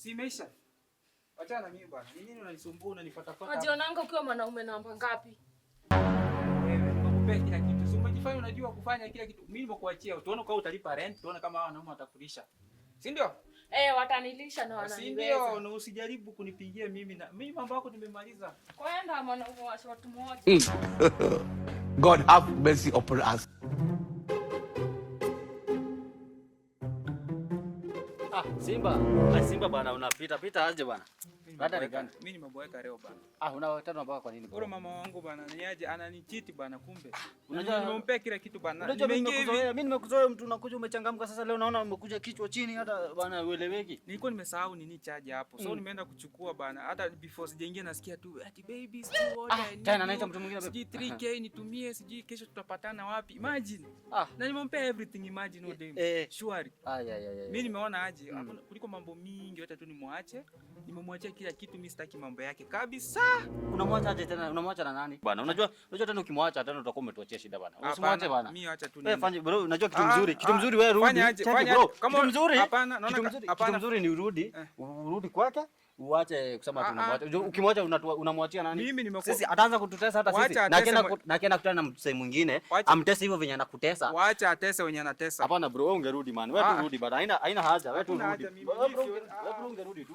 Si imeisha? Achana mimi bwana. Ni nini unanisumbua unanifuata fuata? Unajionanga ukiwa mwanaume namba ngapi? Wewe eh, unakupea kila kitu. Si umejifanya unajua kufanya kila kitu. Mimi nimekuachia. Tuone kwa utalipa rent, tuone kama hao wanaume watakulisha. Si ndio? Eh, watanilisha na wananiweza. Si ndio? Na usijaribu kunipigia mimi na mimi mambo yako nimemaliza. Kwenda mwanaume wa watu mmoja. Mm. God have mercy upon us. Ah, Simba, Simba bwana, unapita pita aje bwana. Mimi nimeboeka leo bana. Ah, una tano mpaka kwa nini Bora mama wangu bana, niaje ananichiti bana kumbe. Unajua nimempea kila kitu bana. Unajua mimi nimekuzoea, mimi nimekuzoea mtu unakuja umechangamka sasa leo naona umekuja kichwa chini hata bana ueleweki. Nilikuwa nimesahau nini charge hapo. So mm. nimeenda kuchukua bana. Hata before sijaingia nasikia tu ati baby sijui ah, order. Tena naita mtu mwingine sijui 3k nitumie sijui kesho tutapatana wapi. Mm. Imagine. Ah. Na nimempea everything imagine no day. Shwari. Ah, yeah yeah yeah. Mimi nimeona aje mm. kuliko mambo mingi hata tu nimwache. Nimemwachia kila kila kitu, mimi sitaki mambo yake kabisa. Unamwacha aje tena? Unamwacha na nani bwana? Unajua, eh. unajua tena ukimwacha tena utakuwa umetuachia shida bwana. Usimwache bwana. mimi acha tu. Eh, nini. Wewe fanya bro, unajua kitu ah, mzuri, kitu ah, mzuri wewe rudi. Fanya aje, fanya bro, kitu mzuri. Hapana, naona kitu mzuri Kitu mzuri ni urudi, eh. urudi kwake Uache kusema tu ah, unamwacha. Ukimwacha unamwachia nani? Mimi nimekuwa sisi ataanza kututesa hata sisi. Na kena na kena kutana na mtu mwingine, amtese hivyo venye anakutesa. Waacha atese wenye anatesa. Hapana bro, wewe ungerudi man. Wewe tu rudi bwana. Haina haina haja. Wewe tu rudi. Wewe ungerudi tu.